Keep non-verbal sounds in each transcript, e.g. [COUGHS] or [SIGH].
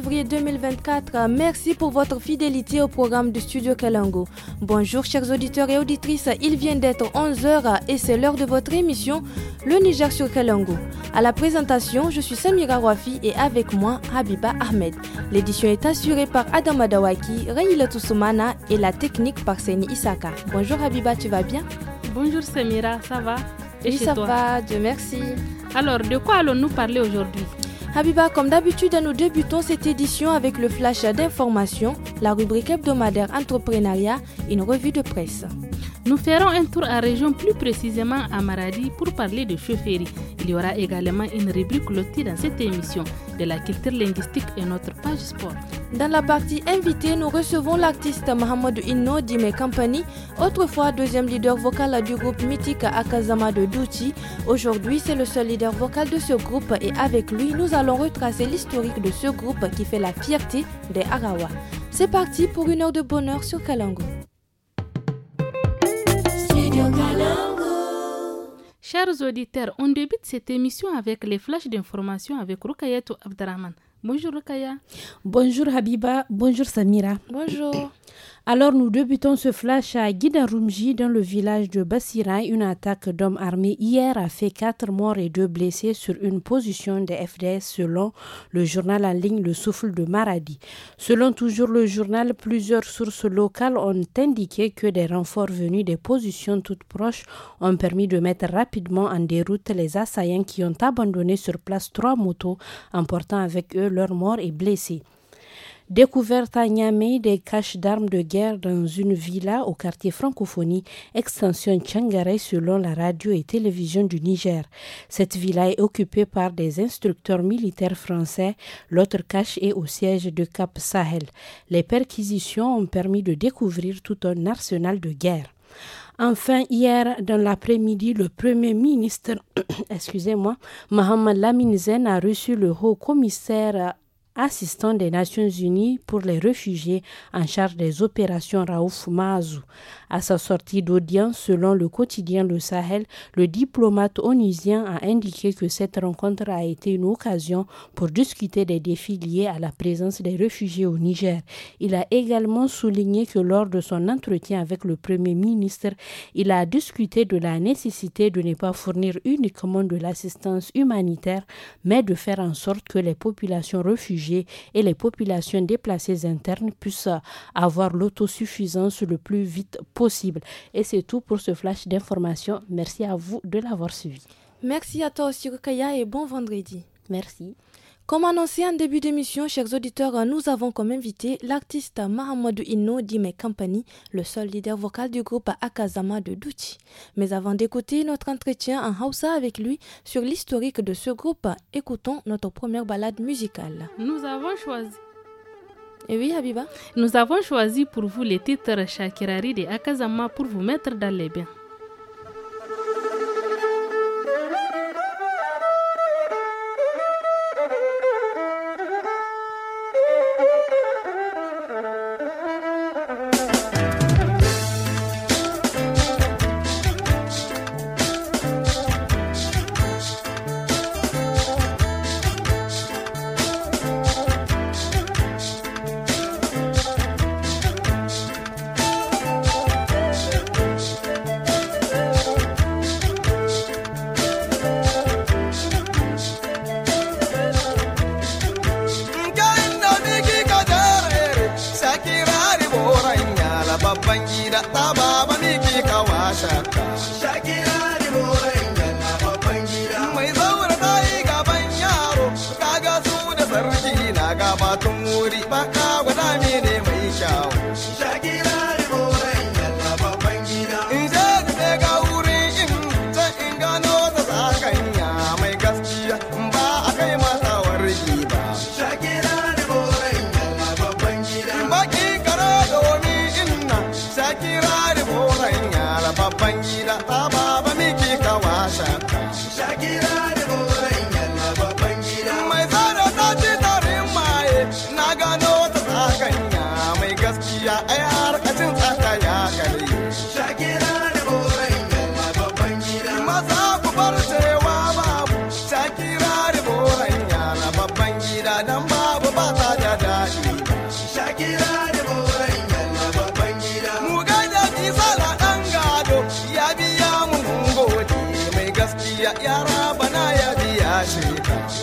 février 2024. Merci pour votre fidélité au programme du Studio Kalango. Bonjour chers auditeurs et auditrices, il vient d'être 11h et c'est l'heure de votre émission Le Niger sur Kalango. À la présentation, je suis Samira Wafi et avec moi Habiba Ahmed. L'édition est assurée par Adam Adawaki, Rayla et la technique par Seni Isaka. Bonjour Habiba, tu vas bien Bonjour Samira, ça va oui, ça va, Dieu merci. Alors, de quoi allons-nous parler aujourd'hui Habiba, comme d'habitude, nous débutons cette édition avec le flash d'information, la rubrique hebdomadaire entrepreneuriat, une revue de presse. Nous ferons un tour en région, plus précisément à Maradi, pour parler de chaufferie. Il y aura également une rubrique lotée dans cette émission de la culture linguistique et notre page sport. Dans la partie invitée, nous recevons l'artiste Mohamed Inno Dime Company, autrefois deuxième leader vocal du groupe mythique Akazama de Douti. Aujourd'hui, c'est le seul leader vocal de ce groupe et avec lui, nous allons retracer l'historique de ce groupe qui fait la fierté des Arawa. C'est parti pour une heure de bonheur sur Kalango. Chers auditeurs, on débute cette émission avec les flashs d'information avec Tou Abdraman. Bonjour Rukaya. Bonjour Habiba. Bonjour Samira. Bonjour. Alors nous débutons ce flash à Guidarumji dans le village de Basiraï, Une attaque d'hommes armés hier a fait quatre morts et deux blessés sur une position des FDS selon le journal en ligne Le Souffle de Maradi. Selon toujours le journal, plusieurs sources locales ont indiqué que des renforts venus des positions toutes proches ont permis de mettre rapidement en déroute les assaillants qui ont abandonné sur place trois motos emportant avec eux leurs morts et blessés. Découverte à Niamey des caches d'armes de guerre dans une villa au quartier francophonie, extension Tchangare selon la radio et télévision du Niger. Cette villa est occupée par des instructeurs militaires français. L'autre cache est au siège de Cap Sahel. Les perquisitions ont permis de découvrir tout un arsenal de guerre. Enfin, hier, dans l'après-midi, le Premier ministre, [COUGHS] excusez-moi, Mohamed Lamine a reçu le haut commissaire assistant des Nations Unies pour les réfugiés en charge des opérations Raouf Mazou. À sa sortie d'audience, selon le quotidien Le Sahel, le diplomate onusien a indiqué que cette rencontre a été une occasion pour discuter des défis liés à la présence des réfugiés au Niger. Il a également souligné que lors de son entretien avec le Premier ministre, il a discuté de la nécessité de ne pas fournir uniquement de l'assistance humanitaire, mais de faire en sorte que les populations réfugiées et les populations déplacées internes puissent avoir l'autosuffisance le plus vite possible. Et c'est tout pour ce flash d'information. Merci à vous de l'avoir suivi. Merci à toi aussi, Rukaya, et bon vendredi. Merci. Comme annoncé en début d'émission, chers auditeurs, nous avons comme invité l'artiste Mahamadou Inno Dime Company, le seul leader vocal du groupe Akazama de Duchi. Mais avant d'écouter notre entretien en Hausa avec lui sur l'historique de ce groupe, écoutons notre première balade musicale. Nous avons choisi eh oui, Habiba. Nous avons choisi pour vous les titres Shakirari de Akazama pour vous mettre dans les biens.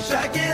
shaking.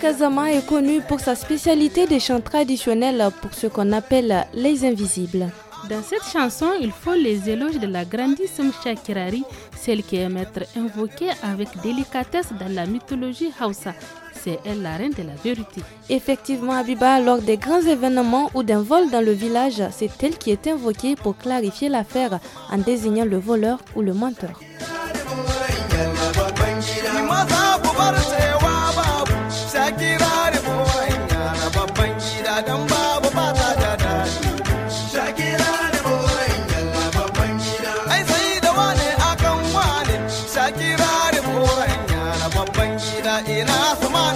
Kazama est connu pour sa spécialité des chants traditionnels pour ce qu'on appelle les invisibles. Dans cette chanson, il faut les éloges de la grandissime Shakirari, celle qui est maître invoquée avec délicatesse dans la mythologie Hausa. C'est elle la reine de la vérité. Effectivement, Abiba, lors des grands événements ou d'un vol dans le village, c'est elle qui est invoquée pour clarifier l'affaire en désignant le voleur ou le menteur. ina ina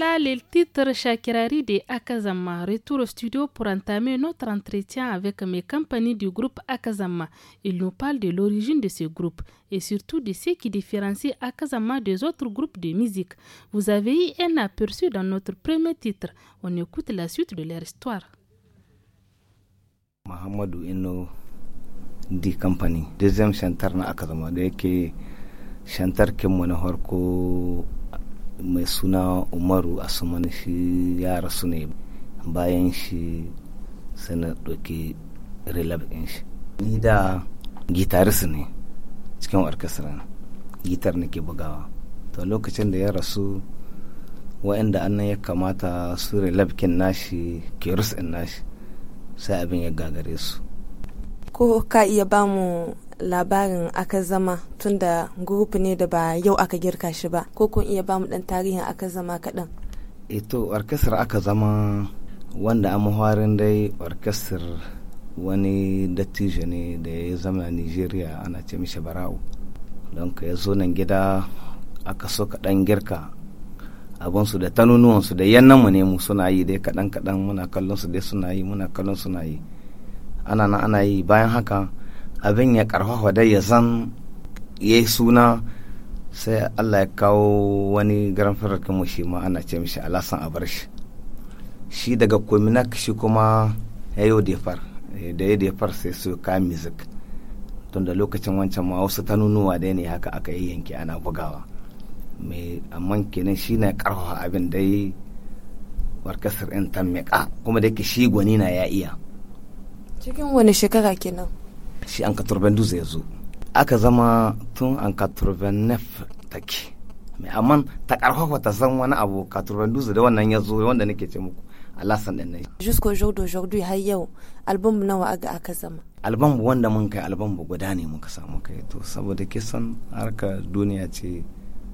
là le titre Shakirari de Akazama. Retour au studio pour entamer notre entretien avec mes compagnies du groupe Akazama. Ils nous parlent de l'origine de ce groupe et surtout de ce qui différencie Akazama des autres groupes de musique. Vous avez eu un aperçu dans notre premier titre. On écoute la suite de leur histoire. Mahamadou Company, deuxième chanteur Akazama, chanteur mai suna umaru asuman shi ya rasu ne bayan shi sai na ɗauki relab ɗin shi ni da gitarist ne cikin orkestra gitar ke bugawa to lokacin da ya rasu wa'anda annan ya kamata su relab kin nashi kiris ɗin nashi sai abin ya gagare su ko ka iya bamu labarin aka zama tun da gurupu ne da ba yau aka girka shi ba ko kun iya bamu dan tarihin aka zama kaɗan eto orkestar aka zama wanda amharin dai orkestar wani dattijo ne da ya zama nigeria ana ce mishi bara'u don ka ya zo nan gida aka so kaɗan girka abinsu da tanunuwansu da yannanmu ne mu suna yi dai kaɗan kaɗan muna kallon su dai suna yi muna kallon suna yi ana nan ana yi bayan haka abin ya karfafa dai ya san ya yi suna sai allah ya kawo wani garan fararkin mu shi ma ana ce mishi alasan bar shi shi daga kominak shi kuma ya yi odefar eh, da ya defar sai su ka music tun da lokacin wancan ma wasu nunuwa da ne haka aka yi yanki ana bugawa mai amma kenan shi na karfafa abin dai warkasar in ta kuma da ke shi gwani na ya iya cikin wani shekara kenan shi an 92 ya zo aka zama tun an 89 take mai amma ta karfafa ta san wani abu 92 da wannan ya zo wanda nake ce muku alasan din nan jusko jour jordo har yau album nawa aga aka zama album wanda mun kai album guda ne muka samu kai to saboda kisan harka duniya ce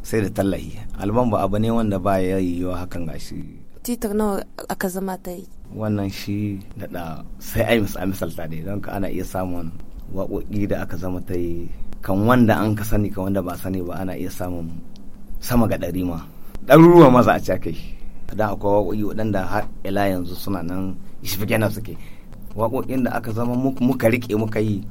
sai da tallahi albam ba abu ne wanda ba ya yi yiwa hakan gashi titar nawa aka zama ta yi wannan shi da sai ai misalta ne don ka ana iya samun waƙoƙi da aka zama ta yi kan wanda an ka sani kan wanda ba sani ba ana iya samun sama ga ɗari ma ɗaruruwa maza a cakai da akwai waƙoƙi waɗanda har ila yanzu suna nan ishfigena suke waƙoƙin da aka zama muka riƙe muka yi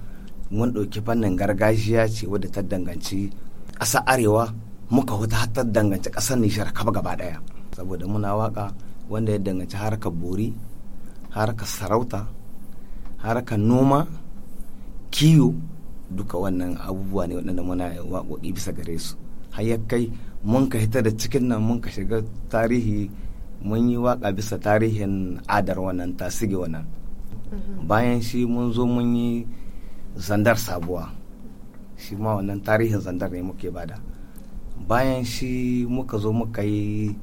mun ɗauki fannin gargajiya ce wadda ta danganci ƙasa arewa muka huta har ta danganci ƙasar nishar kaba gaba ɗaya saboda muna waƙa wanda ya danganci harkar bori harkar sarauta harkar noma kiyo duka wannan abubuwa ne waɗanda muna waƙoƙi bisa gare su har ya kai mun ka hita da cikin nan mun ka shiga tarihi mun yi waƙa bisa tarihin adar wannan tasige wannan mhm. bayan shi mun zo mun yi zandar sabuwa shi ma wannan tarihin zandar ne muke bada bayan shi muka zo muka yi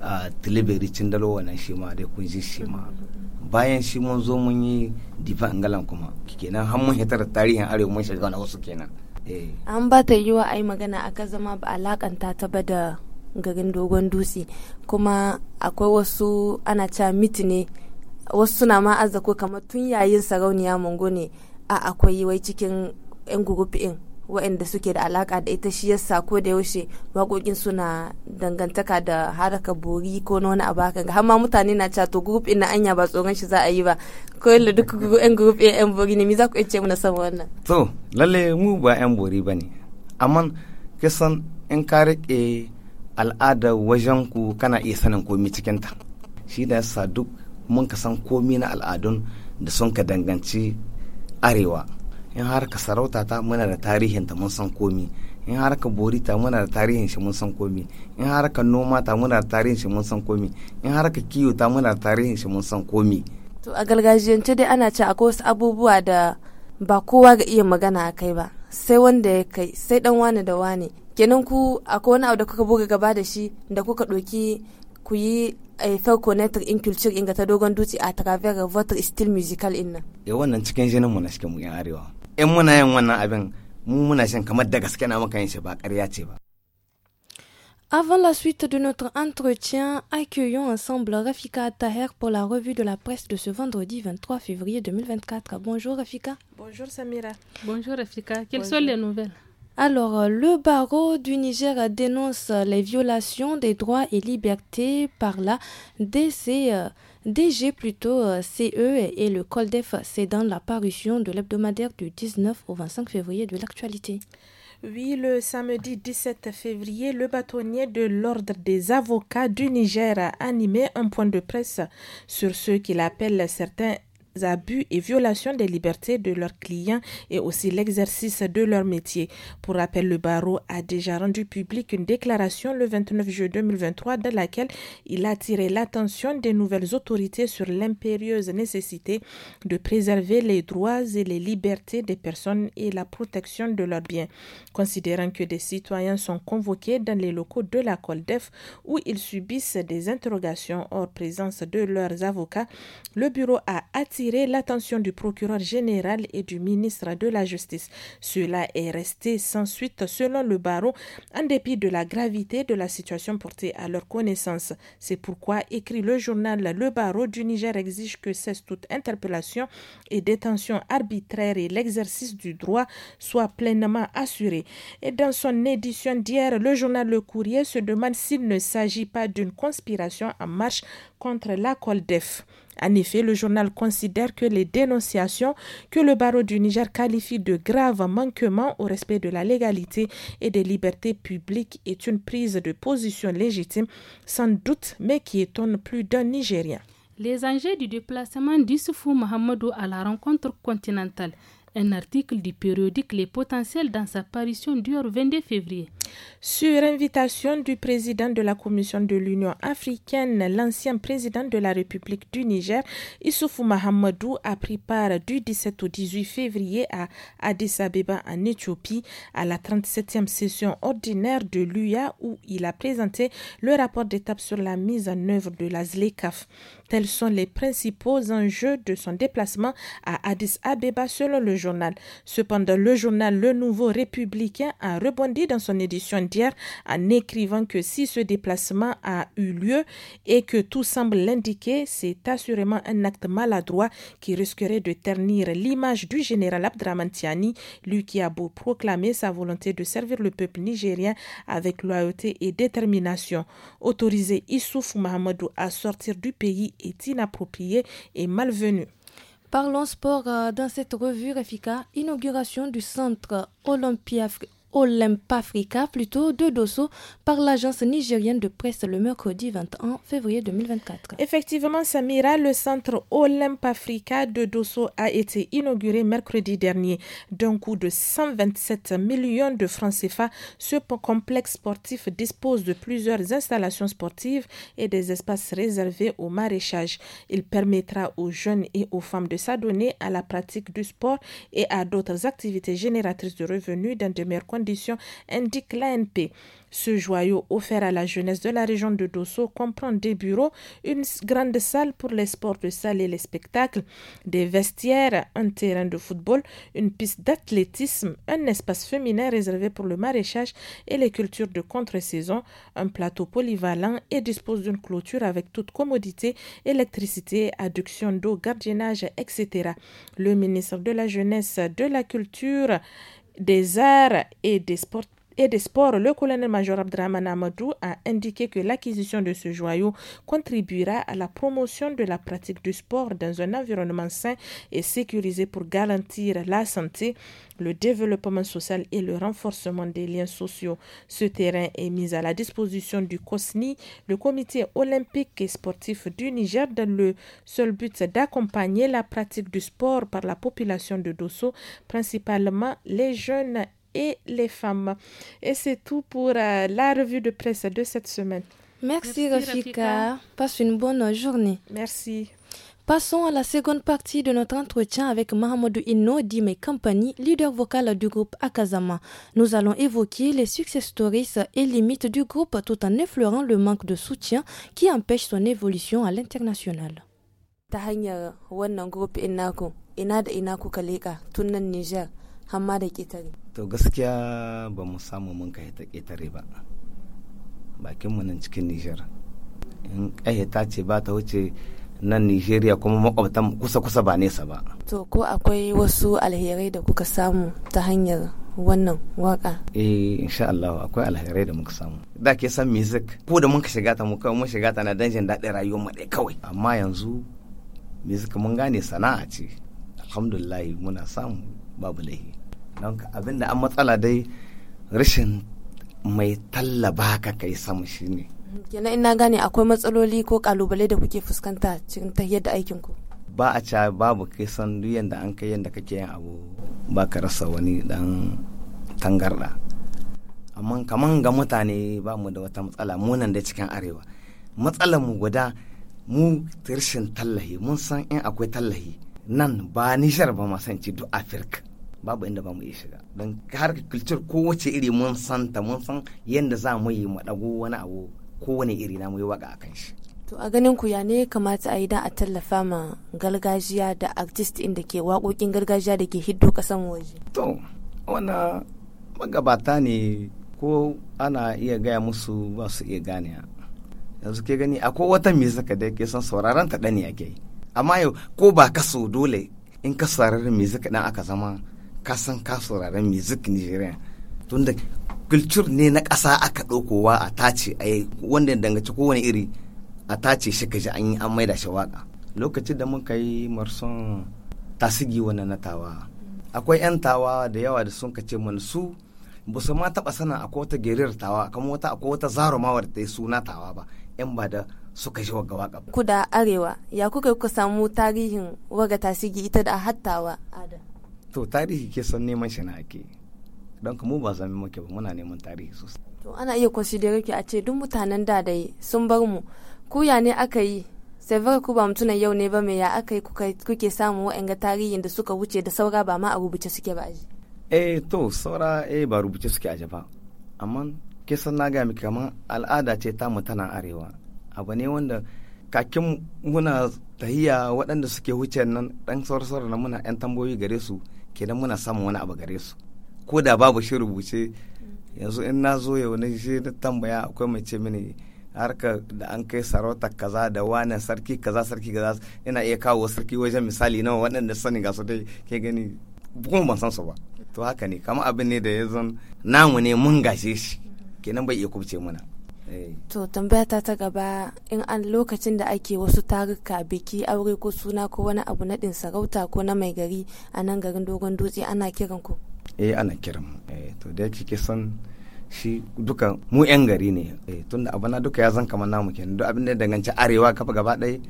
ah, tilibiri cin dalo wannan shi ma dai kun ji shi ma mhm. bayan shi mun zo mun yi difa angalan kuma kenan har mun hitar tarihin arewa mun shiga na wasu kenan eh. an ba ta yi wa ai magana aka zama ba alakanta ta ba da garin dogon dutse kuma akwai wasu ana ca miti ne wasu suna ma arzako kamar tun yayin sarauniya mungo ne a akwai wai cikin yan in. waɗanda suke da alaka da ita shi yasa ko da yaushe waƙoƙin suna dangantaka da haraka bori ko na wani abu ga har ma mutane na cewa to group ɗin na anya ba tsoron shi za a yi ba ko yalla duk yan group ɗin yan bori ne mi za ku ce mu na sama wannan to lalle mu ba yan bori ba ne amma kisan in ka riƙe al'ada wajen ku kana iya sanin komi cikin ta shi da yasa duk mun ka san komi na al'adun da sun ka danganci arewa in ka sarauta ta muna da tarihin ta mun san komi in ka bori ta muna da tarihin shi mun san komi in ka noma ta muna da tarihin shi mun san komi in ka kiwo ta muna da tarihin shi mun san komi to a gargajiyance dai ana ce akwai wasu abubuwa da ba kowa ga iya magana a kai ba sai wanda ya kai sai dan wane da wane kenan ku akwai wani abu da kuka buga gaba da shi da kuka ɗoki ku yi a eh, faire connaître in culture inga ta dogon dutse a travers votre style musical inna. ya eh, wannan cikin jinin mu na cikin mu yan arewa. Avant la suite de notre entretien, accueillons ensemble Rafika Taher pour la revue de la presse de ce vendredi 23 février 2024. Bonjour Rafika. Bonjour Samira. Bonjour Rafika. Quelles sont les nouvelles alors, euh, le barreau du Niger dénonce les violations des droits et libertés par la DC. Euh, DG plutôt euh, CE et le COLDEF, c'est dans la parution de l'hebdomadaire du 19 au 25 février de l'actualité. Oui, le samedi 17 février, le bâtonnier de l'Ordre des avocats du Niger a animé un point de presse sur ce qu'il appelle certains abus et violations des libertés de leurs clients et aussi l'exercice de leur métier. Pour rappel, le barreau a déjà rendu public une déclaration le 29 juin 2023 dans laquelle il a attiré l'attention des nouvelles autorités sur l'impérieuse nécessité de préserver les droits et les libertés des personnes et la protection de leurs biens, considérant que des citoyens sont convoqués dans les locaux de la Coldef où ils subissent des interrogations hors présence de leurs avocats. Le bureau a attiré l'attention du procureur général et du ministre de la Justice. Cela est resté sans suite selon le barreau, en dépit de la gravité de la situation portée à leur connaissance. C'est pourquoi, écrit le journal, le barreau du Niger exige que cesse toute interpellation et détention arbitraire et l'exercice du droit soit pleinement assuré. Et dans son édition d'hier, le journal Le Courrier se demande s'il ne s'agit pas d'une conspiration en marche contre la COLDEF. En effet, le journal considère que les dénonciations que le barreau du Niger qualifie de graves manquements au respect de la légalité et des libertés publiques est une prise de position légitime, sans doute, mais qui étonne plus d'un Nigérien. Les enjeux du déplacement d'Issoufou Mohamedou à la rencontre continentale un article du périodique Les Potentiels dans sa parution du 22 février. Sur invitation du président de la Commission de l'Union africaine, l'ancien président de la République du Niger, Issoufou Mahamadou, a pris part du 17 au 18 février à Addis Abeba en Éthiopie à la 37e session ordinaire de l'UIA où il a présenté le rapport d'étape sur la mise en œuvre de la ZLECAF. Tels sont les principaux enjeux de son déplacement à Addis Abeba selon le journal. Cependant, le journal Le Nouveau Républicain a rebondi dans son édition d'hier en écrivant que si ce déplacement a eu lieu et que tout semble l'indiquer, c'est assurément un acte maladroit qui risquerait de ternir l'image du général Abdramantiani, lui qui a beau proclamer sa volonté de servir le peuple nigérien avec loyauté et détermination. Autoriser Issouf Mahamadou à sortir du pays est inapproprié et malvenu Parlons sport euh, dans cette revue Réfica. inauguration du centre Olympia, Olympafrica, plutôt de Dosso, par l'agence nigérienne de presse le mercredi 21 février 2024. Effectivement, Samira, le centre Olympafrica de Dosso a été inauguré mercredi dernier d'un coût de 127 millions de francs CFA. Ce complexe sportif dispose de plusieurs installations sportives et des espaces réservés au maraîchage. Il permettra aux jeunes et aux femmes de s'adonner à la pratique du sport et à d'autres activités génératrices de revenus dans de meilleures conditions, indique l'ANP. Ce joyau offert à la jeunesse de la région de Dosso comprend des bureaux, une grande salle pour les sports de salle et les spectacles, des vestiaires, un terrain de football, une piste d'athlétisme, un espace féminin réservé pour le maraîchage et les cultures de contre-saison, un plateau polyvalent et dispose d'une clôture avec toute commodité, électricité, adduction d'eau, gardiennage, etc. Le ministre de la Jeunesse, de la Culture des arts et des sports et des Sports, le colonel-major Abdraman Amadou a indiqué que l'acquisition de ce joyau contribuera à la promotion de la pratique du sport dans un environnement sain et sécurisé pour garantir la santé, le développement social et le renforcement des liens sociaux. Ce terrain est mis à la disposition du COSNI, le comité olympique et sportif du Niger, dans le seul but d'accompagner la pratique du sport par la population de Dosso, principalement les jeunes et les femmes. Et c'est tout pour euh, la revue de presse de cette semaine. Merci, Rafika. Passe une bonne journée. Merci. Passons à la seconde partie de notre entretien avec Mahamadou Inno Dime Company, leader vocal du groupe Akazama. Nous allons évoquer les success stories et limites du groupe tout en effleurant le manque de soutien qui empêche son évolution à l'international. to gaskiya ba mu samu mun kai ta ƙetare ba bakinmu nan cikin nijar in ƙayyata ce ba ta wuce nan nigeria kuma makwabtan kusa-kusa ba nesa ba to ko akwai wasu alherai da kuka samu ta hanyar wannan waka eh insha Allah akwai alherai da muka samu da ke san music ko da muka shiga ta mu kawai mun shiga ta na danjin daɗin rayuwar mu dai kawai amma yanzu music mun gane sana'a ce alhamdulillah muna samu babu laifi don abinda an matsala dai rashin mai tallaba ka kai sama ne. kenan ina gane akwai matsaloli ko kalubale da kuke fuskanta cikin ta yadda aikin ku ba a ca babu kai san duk an kai yadda kake yin abu ba ka rasa wani dan tangarda amma kaman ga mutane ba mu da wata matsala mu nan da cikin arewa matsalar mu guda mu rashin tallahi mun san in akwai tallahi nan ba nishar ba ma san ci duk afirka babu inda ba mu iya shiga don har kowace iri mun san ta mun san yadda za mu yi maɗago wani abu kowane iri na mu yi waka kan shi to a ganin ku ya ne kamata a yi don a tallafa ma gargajiya da artist inda ke waƙoƙin gargajiya da ke hiddo kasan waje to wannan magabata ne ko ana iya gaya musu ba su iya gane yanzu ke gani akwai wata me zaka da ke son sauraron ta ɗani ake yi amma yau ko ba kaso dole in ka sauraron me zaka dan aka zama kasan san ka sauraron music nigerian tunda culture ne na ƙasa aka ɗaukowa a tace a yi wanda ya dangaci kowane iri a tace shi ka ji an yi an maida shi waka lokacin da muka yi marson tasigi wani na tawa akwai 'yan tawa da yawa da sun kace mana su ba su ma taɓa sanin akwai wata gerir tawa kamar wata akwai wata zarumawa da ta yi suna tawa ba 'yan ba da suka ji waga waka ku da arewa ya kuka kuka samu tarihin waga tasigi ita da hattawa to tarihi ke son neman shi na ake don mu ba zama muke ba muna neman tarihi sosai to ana iya consider ki a ce duk mutanen da dai sun bar mu kuya ne aka yi sai ku ba mutunan yau ne ba me ya aka yi kuke samu wa'anga tarihin da suka wuce da saura ba ma a rubuce suke ba aji eh to saura eh ba rubuce suke aji ba amma ke son na gami kamar al'ada ce ta mu tana arewa abu ne wanda kakin muna tahiya waɗanda suke wuce nan ɗan saurasauran na muna 'yan tambayoyi gare su kenan muna samun wani abu gare su ko da babu shi rubuce yanzu in na zo yau na shi na tambaya akwai mai ce mini harka da an kai sarauta kaza da wani sarki kaza sarki kaza ina iya kawo sarki wajen misali nawa waɗanda sani ga su dai ke gani kuma ban san su ba to haka ne kama abin ne da ya zan namu ne mun gashe shi kenan bai iya kubce mana to tambaya ta ta gaba in an lokacin da ake wasu taruka biki aure ko suna ko wani abu naɗin sarauta ko na mai gari a nan garin dogon dutse ana kiran ku eh ana kiran eh to da kike son shi duka mu yan gari ne eh tunda abu na duka ya zan kamar namu kenan duk abin da danganci arewa kafa gaba ɗaya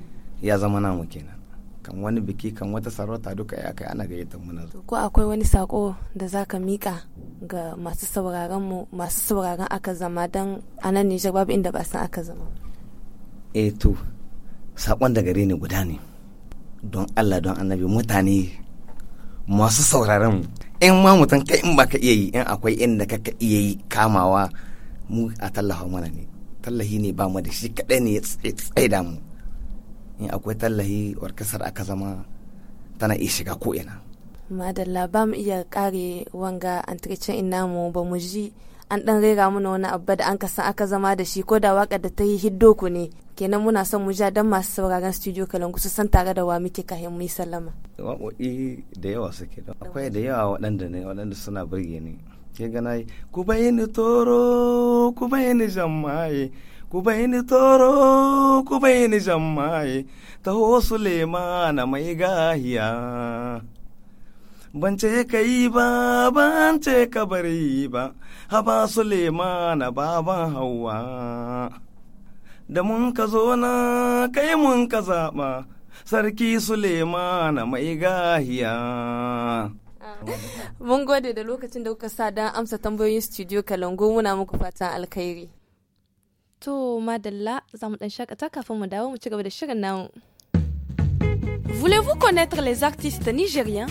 ya zama namu kenan kan wani biki kan wata sarauta duka ya kai ana gayyatar mu ko akwai wani sako da zaka mika ga masu sauraron mu masu sauraron aka zama don a nan Nijar babu inda ba san aka zama. Eh to, sakon da gare ni guda ne. Don Allah don annabi mutane masu sauraron In ma mutum kai in baka iya yi in akwai inda ka iya yi kamawa mu a tallafa mana ne. Tallahi ne ba mu da shi kaɗai ne ya tsaida mu. In akwai tallahi warkasar aka zama tana iya shiga ko'ina. madalla ba mu iya kare wanga antiricin ina mu ba mu ji an dan rera mana wani abu da an kasan aka zama da shi ko da waka da ta yi hiddo ku ne kenan muna son mu ja dan masu sauraron studio kalangu su san tare da wa muke kayan mu yi sallama waƙoƙi da yawa suke da akwai da yawa waɗanda ne waɗanda suna burge ni ke gana ku bayani toro ku bayani jammaye ku bayani toro ku bayani jammaye taho na mai gahiya ban ce ka yi ba ban ce ka bari ba haba sulemana baban hawa da mun ka zo na kai mun ka zaɓa sarki sulemana mai gahiya [LAUGHS] mun gode da lokacin da kuka sa don amsa tambayoyin studio kalango muna muku fatan alkhairi To Madalla, za mu ɗan shakata kafin mu dawo mu ci gaba da shirin namu. Voulez-vous connaître les artistes nigériens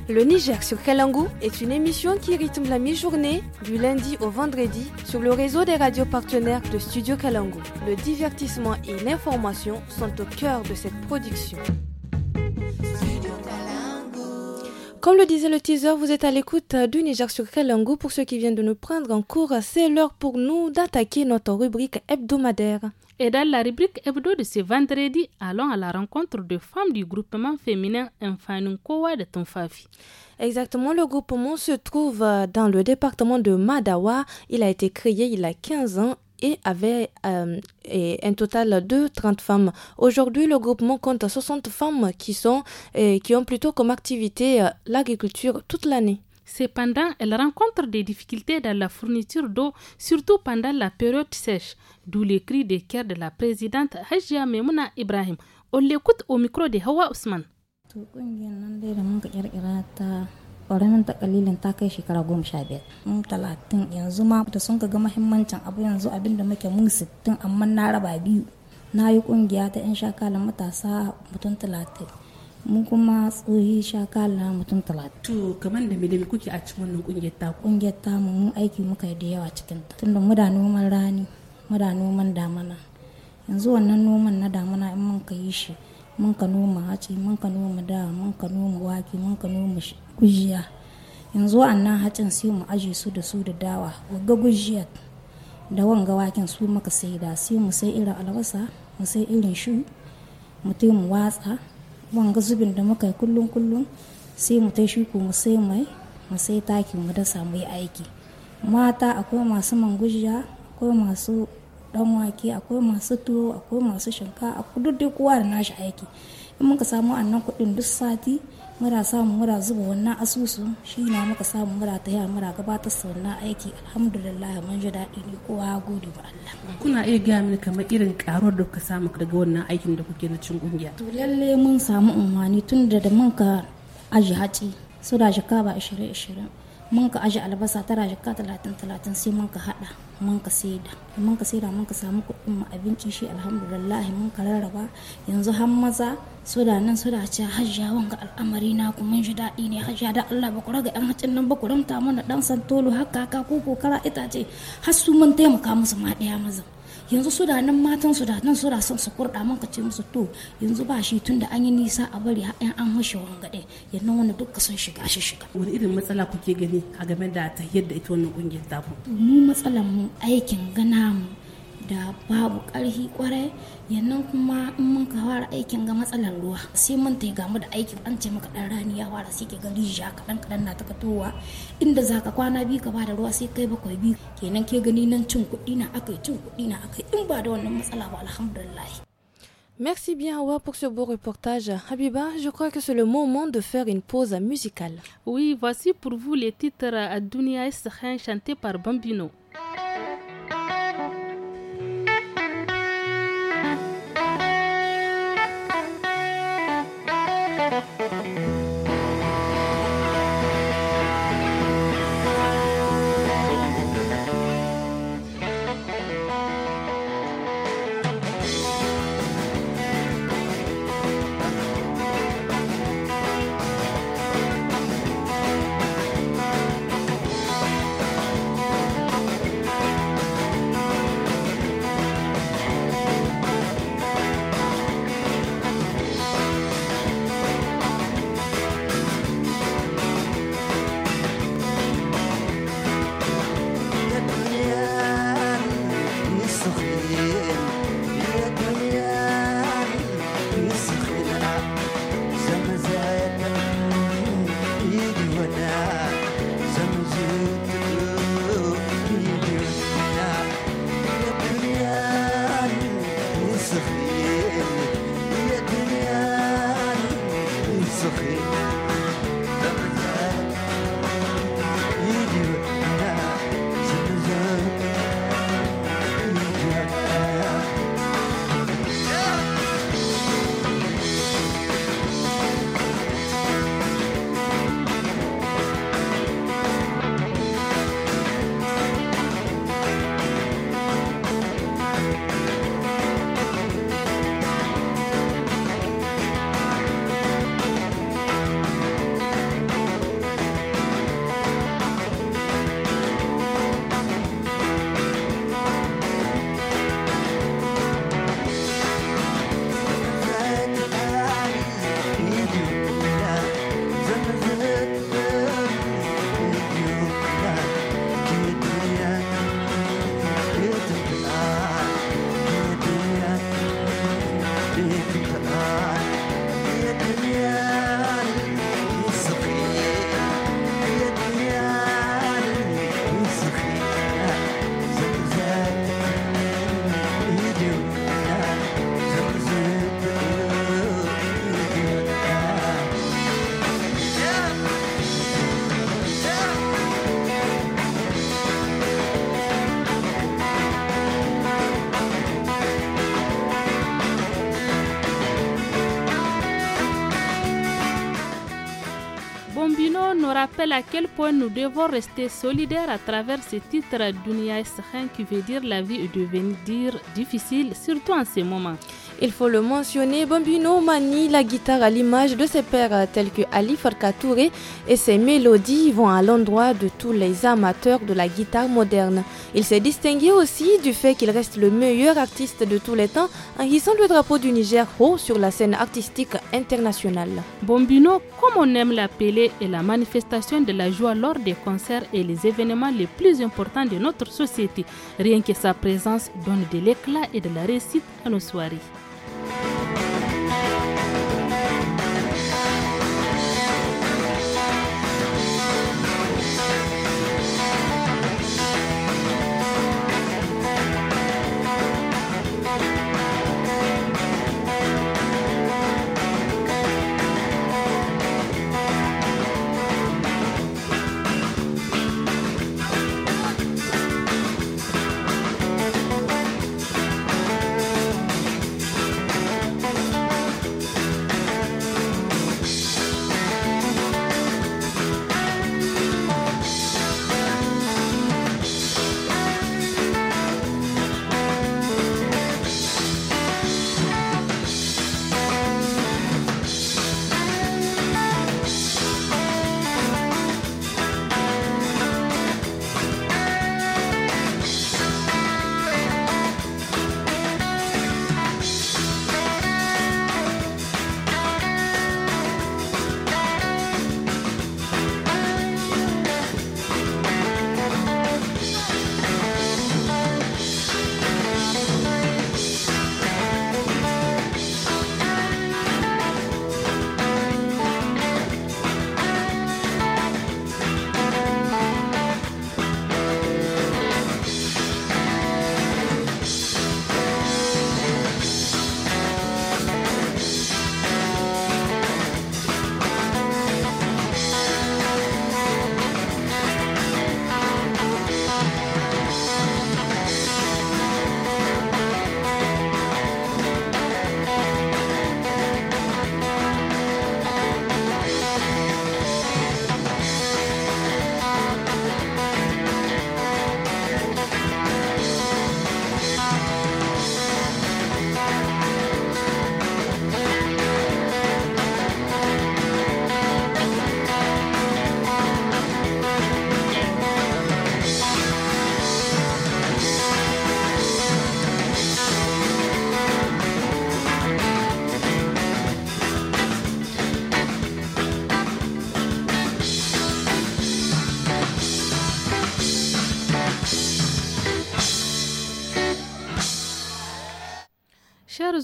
Le Niger sur Kalangu est une émission qui rythme la mi-journée du lundi au vendredi sur le réseau des radios partenaires de Studio Kalangu. Le divertissement et l'information sont au cœur de cette production. Comme le disait le teaser, vous êtes à l'écoute du Niger sur Kalangu. Pour ceux qui viennent de nous prendre en cours, c'est l'heure pour nous d'attaquer notre rubrique hebdomadaire. Et dans la rubrique hebdo de ce vendredi, allons à la rencontre de femmes du groupement féminin Kowa de Tonfavi. Exactement, le groupement se trouve euh, dans le département de Madawa. Il a été créé il y a 15 ans et avait euh, un total de 30 femmes. Aujourd'hui, le groupement compte 60 femmes qui, sont, qui ont plutôt comme activité euh, l'agriculture toute l'année. Cependant, elles rencontre des difficultés dans la fourniture d'eau, surtout pendant la période sèche, d'où les cri de cœur de la présidente Hajia Memouna Ibrahim. On l'écoute au micro de Hawa Ousmane. ƙwararren ta kalilin ta kai shekara goma sha biyar mun talatin yanzu ma da sun ga mahimmancin abu yanzu abin da muke mun sittin amma na raba biyu na yi ƙungiya ta 'yan shakalin matasa mutum talatin mun kuma tsohi shakala mutum talatin. To kamar da me kuke a cikin wannan kungiyar ta kungiyar ta mu mun aiki muka yi da yawa cikin ta tunda mu da noman rani mu da noman damana yanzu wannan noman na damana in mun ka yi shi mun ka noma hatsi mun ka noma dawa mun ka noma wake mun ka noma gujiya yanzu nan hatsin sai mu aje su da su da dawa wagga gujiya da wanga waken su maka sai da sai mu sai irin albasa mu sai irin shu mu watsa ga zubin da muka yi kullum kullum sai mu ta shuku mu sai mai mu sai taki mu dasa samu yi aiki mata akwai masu mangujiya akwai masu dan wake akwai masu tuwo akwai masu shinkafa duk dai kowa da nashi aiki in muka samu annan kuɗin duk sati mura samu mura zuba wannan asusu shi na muka samu mura ta yawa mura gabatar sa wannan aiki alhamdulillah mun ji daɗi ne kowa gode ma Allah kuna iya gaya mini kamar irin karuwar da kuka samu daga wannan aikin da kuke na cin kungiya to lalle mun samu umarni tun da da mun ka aji haci su da shekara 2020 mun ka aje albasa tara jikka talatin talatin sai mun ka haɗa mun ka saida mun ka saida mun ka samu kuɗin mu abinci shi alhamdulillah mun ka rarraba yanzu har maza soda nan soda ce hajjia wanga al'amari na ku mun ji daɗi ne hajjia da Allah ba ku raga ɗan hacin nan ba ku ramta mana ɗan santolo haka ka ko kokara itace har su mun taimaka musu ma ɗaya maza. yanzu su da nan matan su da nan su da son su kurda mun ka ce musu to yanzu ba shi tunda an yi nisa a bari yan an hashe wangade yannan wani duka sun shiga shi shiga wani irin matsala kuke gani a game da ta yadda ita wannan kungiyar ta ku mu matsalan mu aikin gana mu da babu ƙarfi ƙwarai yannan kuma in mun ka fara aikin ga matsalar ruwa sai mun ta gamu da aikin an ce maka dan rani ya fara sai ke ga rijiya kadan kadan na ta katowa inda zaka kwana bi ka ba da ruwa sai kai bakwai biyu kenan ke gani nan cin kuɗi na akai cin kuɗi na akai in ba da wannan matsala ba alhamdulillah Merci bien Awa pour ce beau reportage. Habiba, je crois que c'est le moment de faire une pause musicale. Oui, voici pour vous les titres Adunia Sahel chantés par Bambino. rappelle à quel point nous devons rester solidaires à travers ce titre Dunia Sahin qui veut dire la vie est devenue difficile, surtout en ces moments. Il faut le mentionner, Bambino manie la guitare à l'image de ses pères tels que Ali Farka Touré et ses mélodies vont à l'endroit de tous les amateurs de la guitare moderne. Il s'est distingué aussi du fait qu'il reste le meilleur artiste de tous les temps en hissant le drapeau du Niger haut sur la scène artistique internationale. Bombino, comme on aime l'appeler, est la manifestation de la joie lors des concerts et les événements les plus importants de notre société. Rien que sa présence donne de l'éclat et de la réussite à nos soirées. Thank you.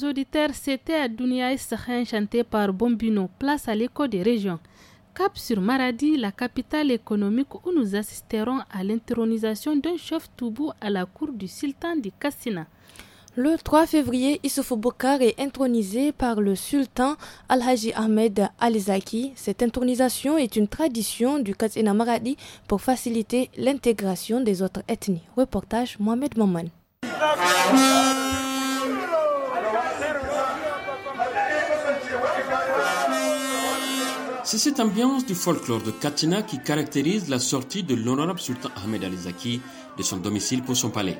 auditeurs, c'était Dunia Issachen chanté par Bombino, place à l'écho des régions. Cap sur Maradi, la capitale économique où nous assisterons à l'intronisation d'un chef Toubou à la cour du sultan du Kassina. Le 3 février, Issoufou Bokar est intronisé par le sultan Al-Haji Ahmed Alizaki. zaki Cette intronisation est une tradition du Kassina Maradi pour faciliter l'intégration des autres ethnies. Reportage Mohamed Maman. C'est cette ambiance du folklore de Katina qui caractérise la sortie de l'honorable sultan Ahmed Alizaki de son domicile pour son palais.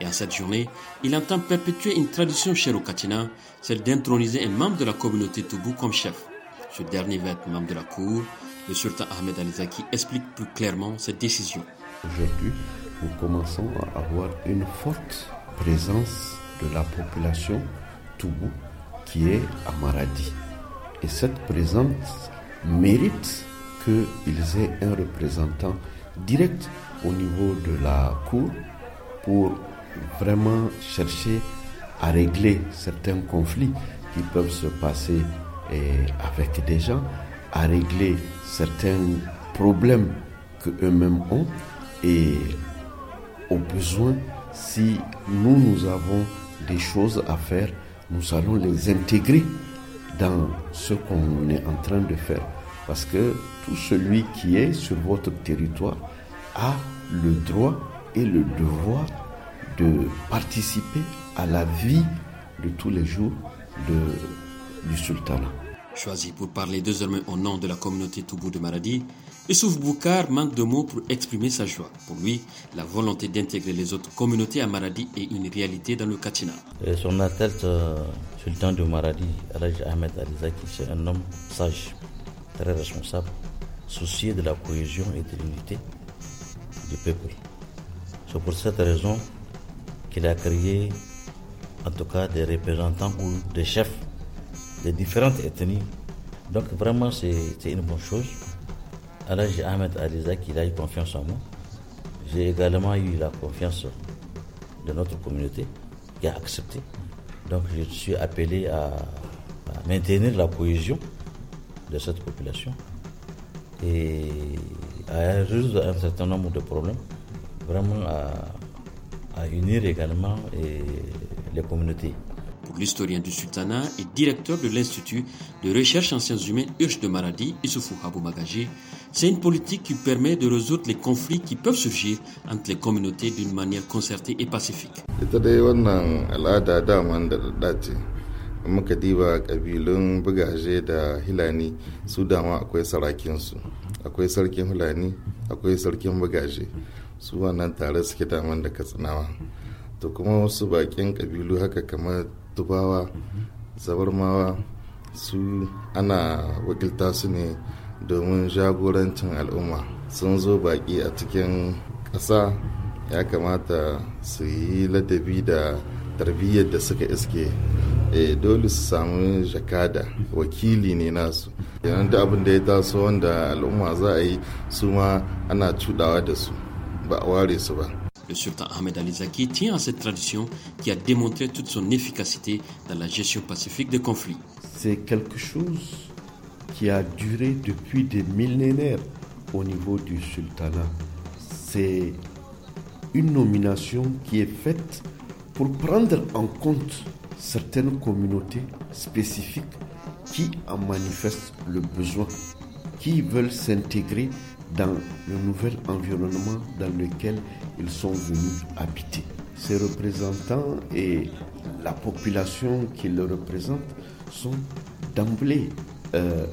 Et en cette journée, il entend perpétuer une tradition chère au Katina, celle d'introniser un membre de la communauté Toubou comme chef. Ce dernier va être membre de la cour. Le sultan Ahmed Alizaki explique plus clairement cette décision. Aujourd'hui, nous commençons à avoir une forte présence de la population Toubou qui est à Maradi. Et cette présence mérite qu'ils aient un représentant direct au niveau de la Cour pour vraiment chercher à régler certains conflits qui peuvent se passer eh, avec des gens, à régler certains problèmes queux mêmes ont et au besoin, si nous, nous avons des choses à faire, nous allons les intégrer dans ce qu'on est en train de faire. Parce que tout celui qui est sur votre territoire a le droit et le devoir de participer à la vie de tous les jours du sultanat. Choisi pour parler désormais au nom de la communauté Toubou de Maradi, Issouf Boukar manque de mots pour exprimer sa joie. Pour lui, la volonté d'intégrer les autres communautés à Maradi est une réalité dans le Katina. Euh, son athlète, le euh, sultan de Maradi, Raj Ahmed Alizaki, c'est un homme sage, très responsable, soucié de la cohésion et de l'unité du peuple. C'est pour cette raison qu'il a créé, en tout cas, des représentants ou des chefs des différentes ethnies. Donc vraiment, c'est une bonne chose j'ai Ahmed Aliza qu'il a eu confiance en moi. J'ai également eu la confiance de notre communauté qui a accepté. Donc je suis appelé à, maintenir la cohésion de cette population et à résoudre un certain nombre de problèmes, vraiment à, unir également les communautés Pour l'historien du sultanat et directeur de l'Institut de recherche en sciences humaines Urge de Maradi, Issoufou Habou Magagé, c'est une politique qui permet de résoudre les conflits qui peuvent surgir entre les communautés d'une manière concertée et pacifique domin jagorancin al'umma sun zo baki a cikin ƙasa ya kamata su yi ladabi da tarbiyyar da suka iske e, dole su samu jakada wakili ne nasu yanar da abin da ya taso wanda al'umma za a yi su ma ana cudawa da su ba a ware su ba Le sultan Ahmed Ali Zaki tient à cette tradition qui a démontré toute son efficacité dans la gestion pacifique des conflits. C'est quelque chose qui a duré depuis des millénaires au niveau du sultanat. C'est une nomination qui est faite pour prendre en compte certaines communautés spécifiques qui en manifestent le besoin, qui veulent s'intégrer dans le nouvel environnement dans lequel ils sont venus habiter. Ces représentants et la population qui le représente sont d'emblée euh,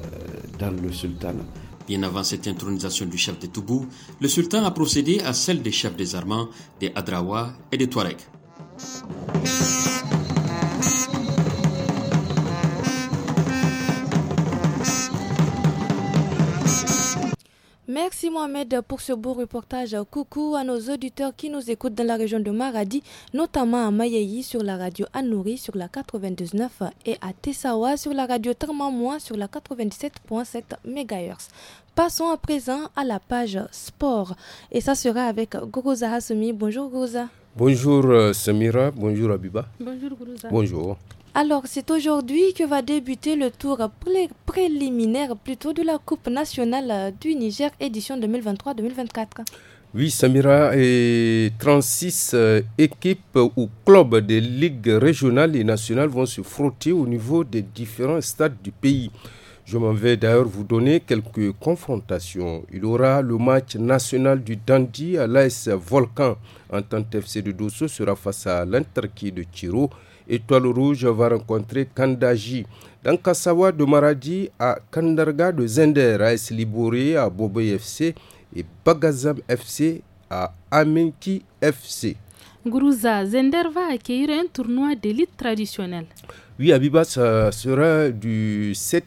dans le sultanat. Bien avant cette intronisation du chef de Toubou, le sultan a procédé à celle des chefs des Armands, des Adrawa et des Touaregs. Mohamed pour ce beau reportage. Coucou à nos auditeurs qui nous écoutent dans la région de Maradi, notamment à Mayayi sur la radio Anouri sur la 99 et à Tessawa sur la radio Termamois sur la 97.7 MHz. Passons à présent à la page sport et ça sera avec Gourouza Hasumi. Bonjour Gourouza. Bonjour euh, Samira, bonjour Abiba. Bonjour Gourouza. Bonjour. Alors, c'est aujourd'hui que va débuter le tour préliminaire plutôt de la Coupe nationale euh, du Niger édition 2023-2024. Oui, Samira, et 36 euh, équipes ou clubs des ligues régionales et nationales vont se frotter au niveau des différents stades du pays. Je m'en vais d'ailleurs vous donner quelques confrontations. Il y aura le match national du Dandy à l'AS Volcan. En tant FC de Dosso sera face à l'Interquis de Tiro. Étoile Rouge va rencontrer Kandaji. Dans Kassawa de Maradi à Kandarga de Zender, AS Libouré à Bobo FC et Bagazam FC à Aminki FC. Guruza Zender va accueillir un tournoi d'élite traditionnelle. Oui, Abiba, sera du 7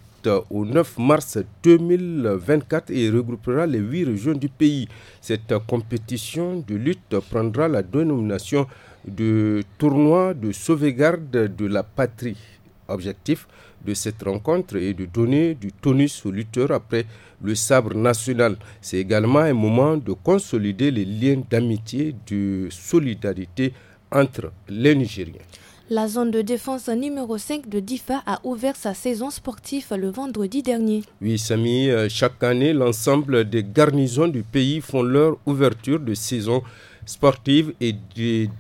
au 9 mars 2024 et regroupera les huit régions du pays. Cette compétition de lutte prendra la dénomination de tournoi de sauvegarde de la patrie. Objectif de cette rencontre est de donner du tonus aux lutteurs après le sabre national. C'est également un moment de consolider les liens d'amitié, de solidarité entre les Nigériens. La zone de défense numéro 5 de DIFA a ouvert sa saison sportive le vendredi dernier. Oui, Samy, euh, chaque année, l'ensemble des garnisons du pays font leur ouverture de saison sportive et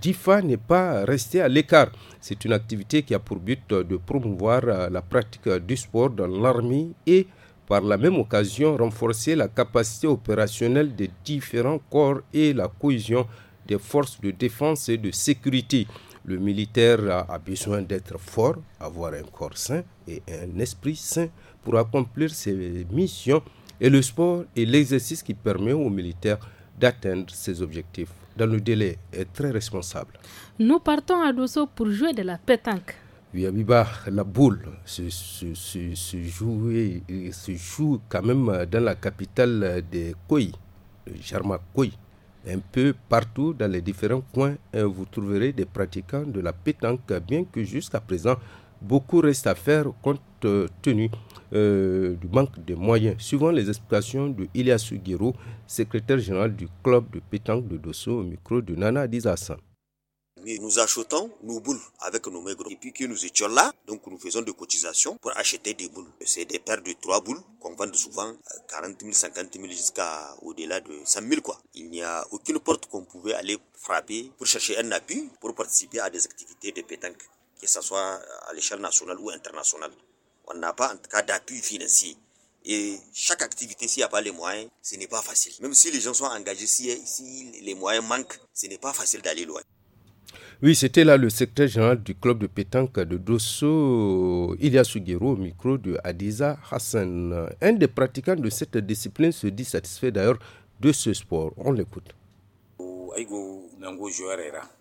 DIFA n'est pas resté à l'écart. C'est une activité qui a pour but de promouvoir euh, la pratique du sport dans l'armée et par la même occasion renforcer la capacité opérationnelle des différents corps et la cohésion des forces de défense et de sécurité. Le militaire a besoin d'être fort, avoir un corps sain et un esprit sain pour accomplir ses missions et le sport est l'exercice qui permet au militaire d'atteindre ses objectifs dans le délai est très responsable. Nous partons à Dosso pour jouer de la pétanque. Oui, la boule se, se euh, joue quand même euh, dans la capitale euh, des Koi, Jarma Koi. Un peu partout dans les différents coins, hein, vous trouverez des pratiquants de la pétanque, bien que jusqu'à présent, beaucoup reste à faire compte euh, tenu euh, du manque de moyens. Suivant les explications de Ilias Sugiro, secrétaire général du club de pétanque de Dosso au micro de Nana Dizassan. Nous achetons nos boules avec nos maigres. puis que nous étions là, donc nous faisons des cotisations pour acheter des boules. C'est des paires de trois boules qu'on vend souvent 40 000, 50 000 jusqu'à au-delà de 100 000 quoi. Il n'y a aucune porte qu'on pouvait aller frapper pour chercher un appui pour participer à des activités de pétanque que ce soit à l'échelle nationale ou internationale. On n'a pas en tout cas d'appui financier. Et chaque activité, s'il n'y a pas les moyens, ce n'est pas facile. Même si les gens sont engagés, si, les moyens manquent, ce n'est pas facile d'aller loin. Oui, c'était là le secteur général du club de pétanque de Dosso, Ilya Sugero, au micro de Adiza Hassan. Un des pratiquants de cette discipline se dit satisfait d'ailleurs de ce sport. On l'écoute.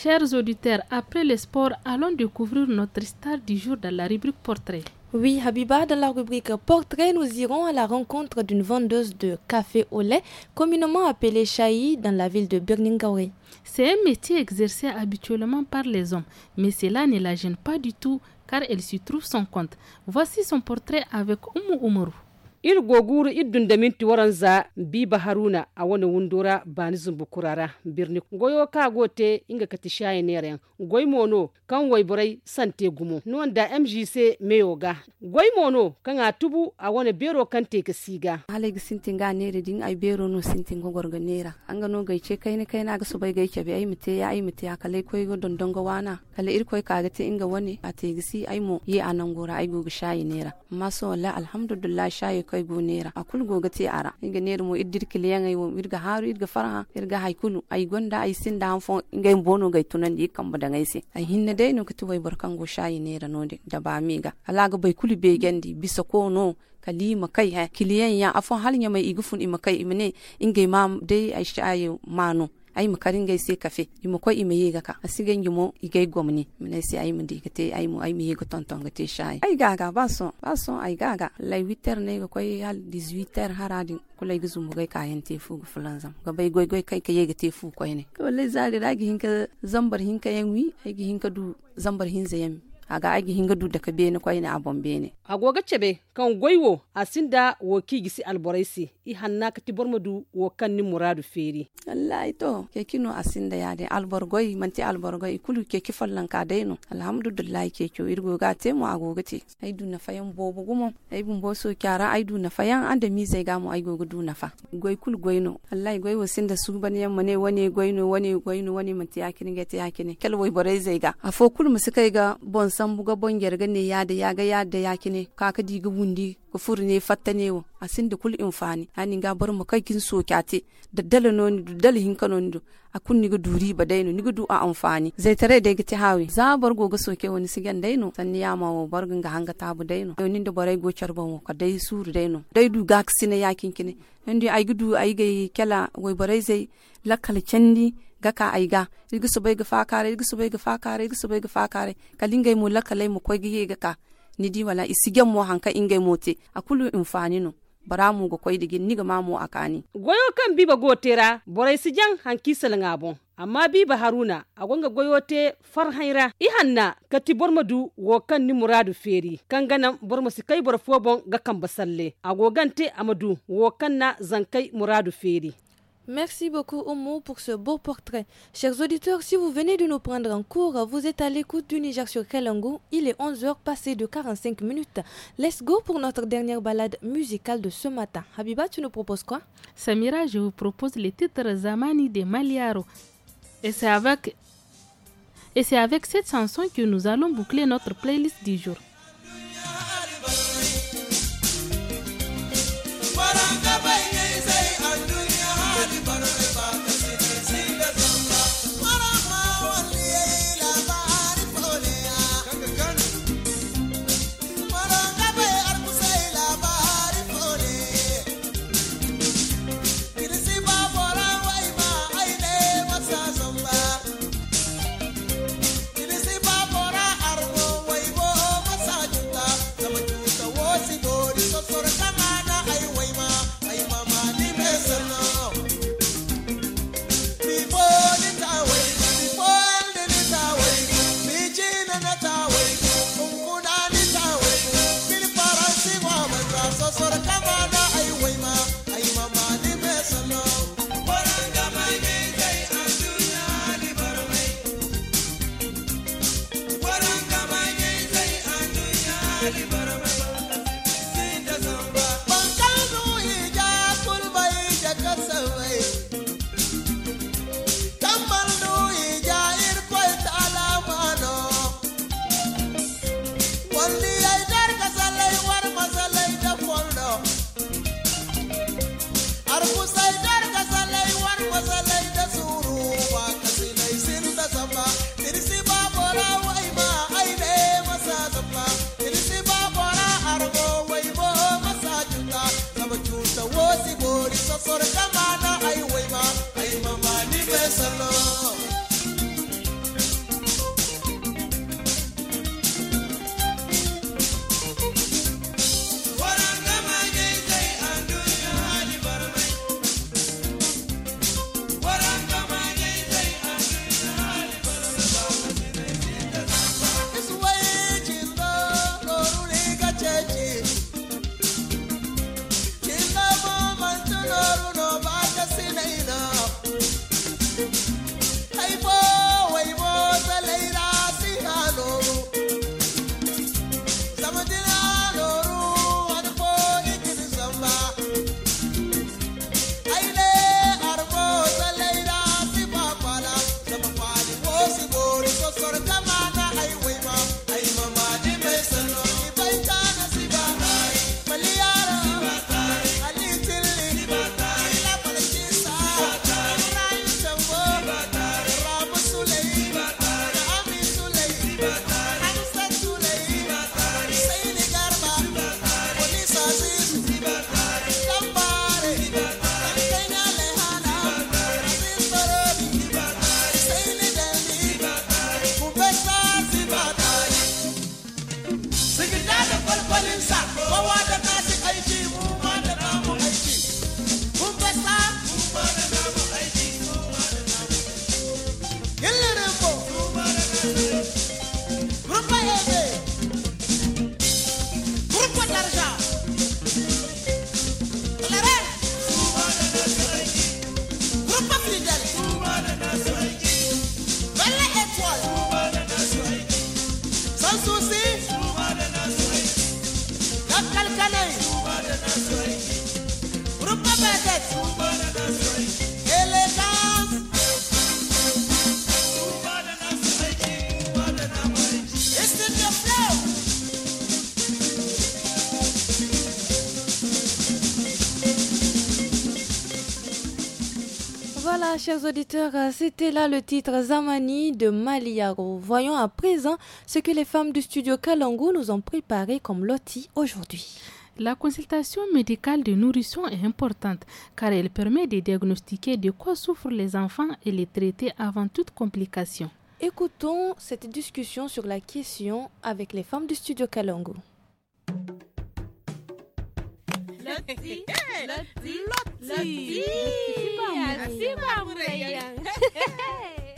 Chers auditeurs, après le sport, allons découvrir notre star du jour dans la rubrique Portrait. Oui, Habiba, dans la rubrique Portrait, nous irons à la rencontre d'une vendeuse de café au lait, communément appelée Chahi, dans la ville de Birningaoui. C'est un métier exercé habituellement par les hommes, mais cela ne la gêne pas du tout car elle s'y trouve son compte. Voici son portrait avec Oumu Oumuru. ir goguru i dunda minti waranza biba haruna a wani wundura bani zumbu kurara birni goyo ka gote inga kati shayi nere goy mono kan wai burai sante gumo non da mgc meyoga goy mono kan a tubu a wani bero kan teka siga halai ga sintin ga nere din ai bero no sintin go gorga nera an ga no gaice kai ne kai na ga su bai gaice bi ai mute ya ai mute ya kale koi go dondon ga wana kale ir koi kaga te inga wani a tegisi ai mo ye anan gora ai go shayi nera amma so alhamdulillah shayi kai a akul goga te ara inga ner mo iddir kiliyan ay irga haru irga farha irga haikulu ay gonda ay sinda han fon inga bono gai tunan di kamba da se ay hinne de no kitu way barkan go shayi nera no de da ba miga ga bai kulu be gendi bisa ko no kalima kai ha kiliyan ya afon hal nya mai igufun imakai imane inga ma dai ay shayi mano ay mu karin gai se kafe imo ko ime yega ka asigen yumo igay gomni yi se ay mu digate ay mu ay mi ga tonton te shay ay gaga baso baso ay gaga lay 8h ne ko hal 18h ko kulay gizu mu gai kayan tefu fulan zam ga bai goy goy kai ka te tefu ko ne wallahi zari ragi hinka zambar hinka yanwi ay hinka du zambar hinza mi. ga agi hinga du daga beni kwai na abon beni goga cebe kan sin asinda wo gisi alboraisi i hanna kati bormadu wo ni muradu feri wallahi to ke kino asinda ya de alborgoi manti alborgoi kulu ke ki fallan ka daino alhamdulillah ke ki irgo ga te mu goga te ai du na fayan bobo gumo ai bun bo so kyara ai du na fayan an mi zai ga mu ayi goga du na fa goi kul no. wallahi goi da su ban yamma ne wani no wani no wani manti kini ga te yakini kelwoi borai zai ga afo kul musu kai ga bons sambuga bonger ya da yaga yada ka ka diga wundi ne fatta ne wo asin da kul infani ani ga bar mu kai kin sokyate da dala noni du dala hin kanon A akun niga duri ba daino niga du a amfani zai tare da gite hawi za bar go ga soke wani sigan daino sanni ya ma wo bar ga hanga tabu daino yau nin da barai go char wo ka dai suru daino dai du ya yakin kine indi ai gudu ai ga kala wai barai zai lakal candi gaka aiga irgi bai ga fakare irgi bai ga fakare irgi bai ga fakare kalingay mu lakalay mu koy gihe gaka ni di wala isigen mo hanka ingay mote kulu infani no bara mu ga koy digin ni ga a akani goyo kan biba gotera boray jan hanki salnga bon amma biba haruna a goyo goyote farhaira ihanna kati bormadu wo kan ni muradu feri kanganan borma si kai borfo bon ga kan basalle gogante amadu wo kan na zankai muradu feri Merci beaucoup Omo pour ce beau portrait. Chers auditeurs, si vous venez de nous prendre en cours, vous êtes à l'écoute du Niger sur Kalango. Il est 11h passé de 45 minutes. Let's go pour notre dernière balade musicale de ce matin. Habiba, tu nous proposes quoi Samira, je vous propose les titres Zamani de Maliaro. Et c'est avec et c'est avec cette chanson que nous allons boucler notre playlist du jour. chers auditeurs, euh, c'était là le titre Zamani de Maliaro. Voyons à présent ce que les femmes du studio Kalangu nous ont préparé comme loti aujourd'hui. La consultation médicale de nourrissons est importante car elle permet de diagnostiquer de quoi souffrent les enfants et les traiter avant toute complication. Écoutons cette discussion sur la question avec les femmes du studio Kalangu. Lottie. Lottie. [LAUGHS] Lottie. Lottie. Lottie. Lottie. Lottie. [LAUGHS]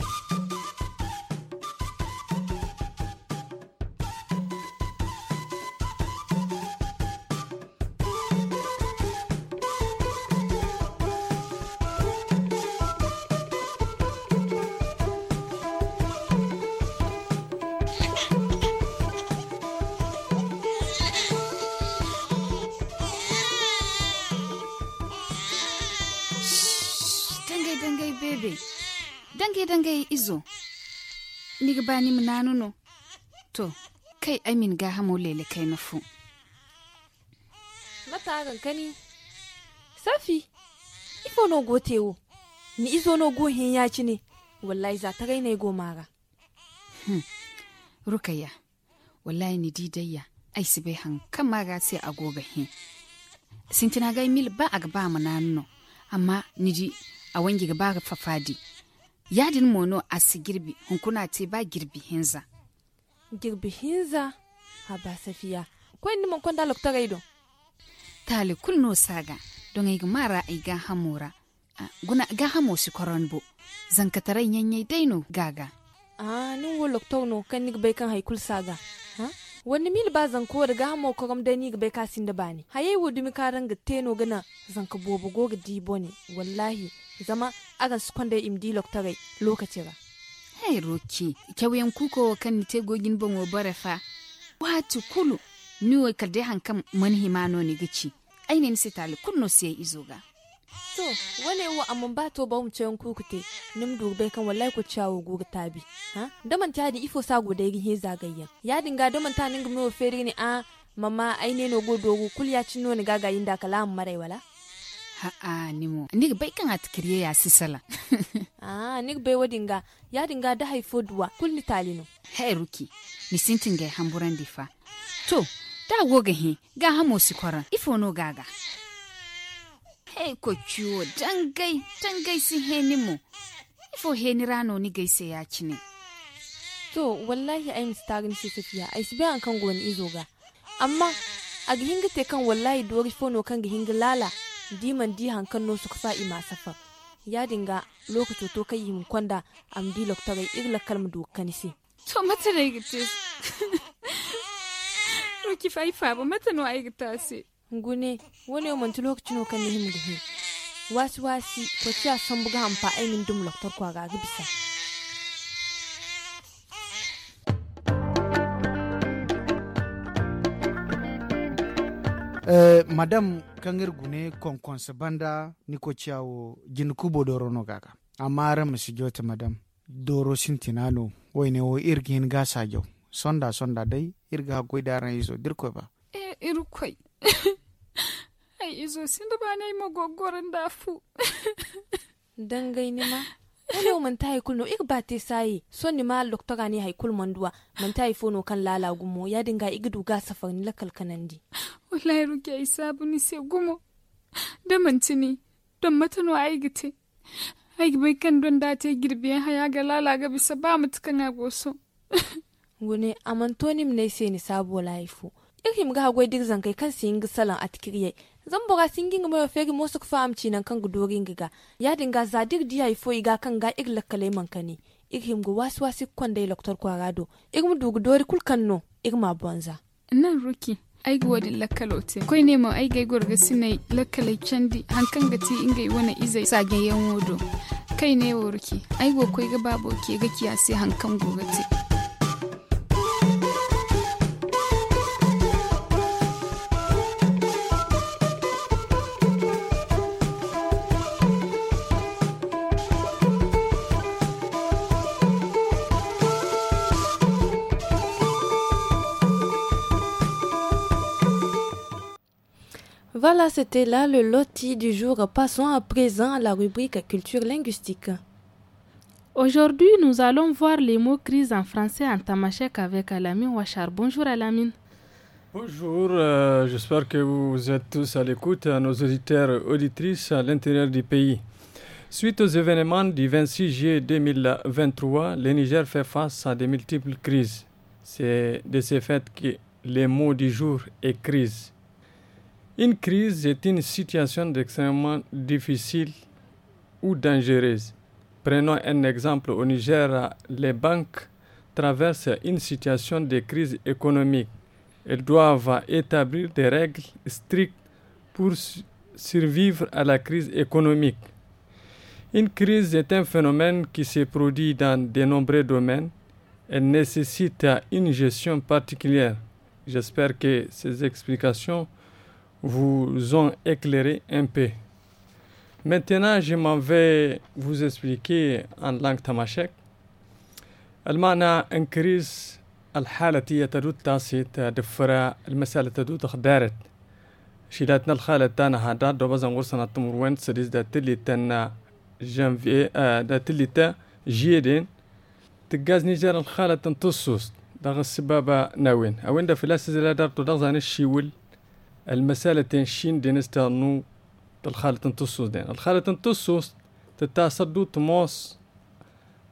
be dangai dangai izo ni ga bani mu nanuno to kai amin ga hamo lele kai na fu mata kankani safi ifo no wo ni izo no hin ya ci ne wallahi za ta raina gomara hmm. rukaya wallahi ni didayya ai su bai hankan mara sai sai goga hin sintina ga mil ba a gaba mu nanuno amma ni ji a wangi ba fafadi yadin mono a si girbi hunkuna te ba girbi hinza girbi hinza a ba safiya kwen ni mon konda lokta gaido tali kulno saga don ai mara ai ga hamura guna ga hamo shi koron bo zankatarai yanyai daino gaga a nin wo lokta no kan ni bai kan haikul saga ha wani mil ba zanko da gamo koram da ni bai kasin da bani haye dumi karan ga teno gana zanka bobo go ga dibo ne wallahi zama aga skonde im di lokaci ba. hey roki kyawen kuko kan te gogin ban wa bara fa watu kulu ni wo karde hankam man himano ni gici aine ni sitali kunno sai ga. to wane wa amman ba to ba mu cewa kuku te nim dubai kan wallahi ku ciyawo gugu tabi ha daman ta di ifo guda yi he zagayya ya dinga daman ta ningu mewa fere ni a ah, mama aine no go dogo kul ya gagayin da kalamun marai wala ha'a ah, nimo nig bai kan at kriye ya sisala [LAUGHS] ah nig bai wadinga ya dinga da haifo duwa kulni talino hey ruki ni sintin ga hamburan difa to da goga he ga hamo sikoran ifo no gaga hey ko ciwo dangai dangai si he nimo ifo he ni rano ni gaise ya cine to wallahi ai mistagin si safiya ai sibe an kan goni izo ga amma a gihinga te kan wallahi dori fono kan gihinga lala diman di hankan no sukfa ima fa ya dinga lokaci to kai yin kwanda am di loktorai irla kalma dokan si to mata da gitis [LAUGHS] roki fai fa ba mata no ai su. gune wani mun tu lokaci no kan him gihi wasi wasi ko ci a san buga amfa ai dum loktar kwa ga bisa. Eh, madam madame kangir gune konkonse banda niko ciyawo jin kubo doro no gaga amara jota madam doro sintinano ne wo irgin gasa jau sonda sonda dai irga hakoi ran izo dirko ba eh irkoi [LAUGHS] ai izo sinda ba nai magogoran da fu [LAUGHS] dangai ne ma wani man ta haikul no ik sai son ni ma loktora ne haikul manduwa man ta haifo no kan lala gumo ya dinga igi duga safar ni lakal kanandi wallahi ruke isa buni se gumo da manci ne don matano gite ai bai kan don da ta girbiyan haya ga lala ga bisa ba mutukan agoso wani amantonim ne sai ni sabo laifu ikim ga hagwai duk zankai kan su gisalan atkiriyai zambora singin mo fegi mo sok faam nan kan gudorin giga yadin ga zadir di hay foi ga kan ga irla lakalai man kani ighim go wasu wasu kwa gado kwarado mu dugu dori kulkan no ma bonza nan ruki ai ga lakalo te koi ne ma ai ga gorga sinai lakkalai candi ga gati ingai wana izai sagayen wodo kai ne wa ruki ai go koi ga babo ke ga kiyasi hankan gogate Voilà, c'était là le loti du jour. Passons à présent à la rubrique culture linguistique. Aujourd'hui, nous allons voir les mots crise en français en tamashek avec Alamine Wachar. Bonjour Alamine. Bonjour, euh, j'espère que vous êtes tous à l'écoute, à nos auditeurs et auditrices à l'intérieur du pays. Suite aux événements du 26 juillet 2023, le Niger fait face à de multiples crises. C'est de ces faits que les mots du jour est crise. Une crise est une situation extrêmement difficile ou dangereuse. Prenons un exemple au Niger, les banques traversent une situation de crise économique. Elles doivent établir des règles strictes pour survivre à la crise économique. Une crise est un phénomène qui se produit dans de nombreux domaines. Elle nécessite une gestion particulière. J'espère que ces explications vous ont éclairé un peu. Maintenant, je m'en vais vous expliquer en langue tamashek. المعنى انكريز الحالة تدود تاسي تدفرا المسألة تدود خدارت شيلاتنا الخالة تانا هادا دو بازن غرسنا تمر وين سريز دا تلي تانا جانفي آه دا تلي تا جيدين تقاز نيجار الخالة تنتصوص دا السبابة ناوين اوين دا فلاس زلا دارتو دا زاني الشيول المسألة تنشين دينستا نو الخالة تنتصوص دين الخالة تنتصوص دو تموس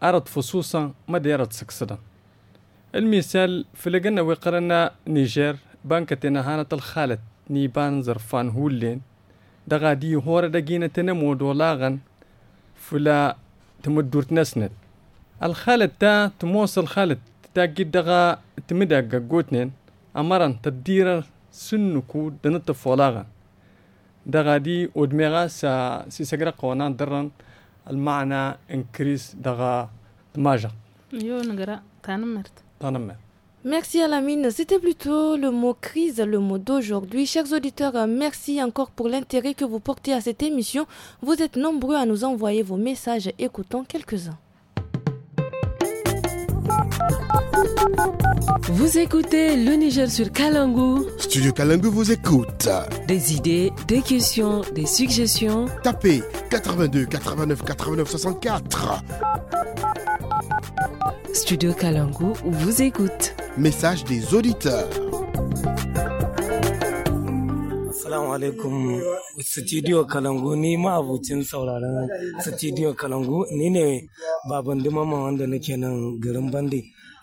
أرد فصوصا ما ديرت سكسدا المثال في لقنا وقرنا نيجير بانكتنا هانت الخالة نيبان زرفان هولين دا غادي هورا دقينا تنمو دولاغا فلا تمدور تنسنت الخالة تا تموس الخالة تا قد دغا تمدى قوتنين أمرا تديرا Merci Alamine, c'était plutôt le mot crise, le mot d'aujourd'hui. Chers auditeurs, merci encore pour l'intérêt que vous portez à cette émission. Vous êtes nombreux à nous envoyer vos messages, écoutons quelques-uns. Vous écoutez le Niger sur Kalangu. Studio Kalangu vous écoute. Des idées, des questions, des suggestions. Tapez 82 89 89 64. Studio Kalangu vous écoute. Message des auditeurs. Assalamu alaikum Studio Kalangu ni ma Studio Kalangu ni ne babande wanda nake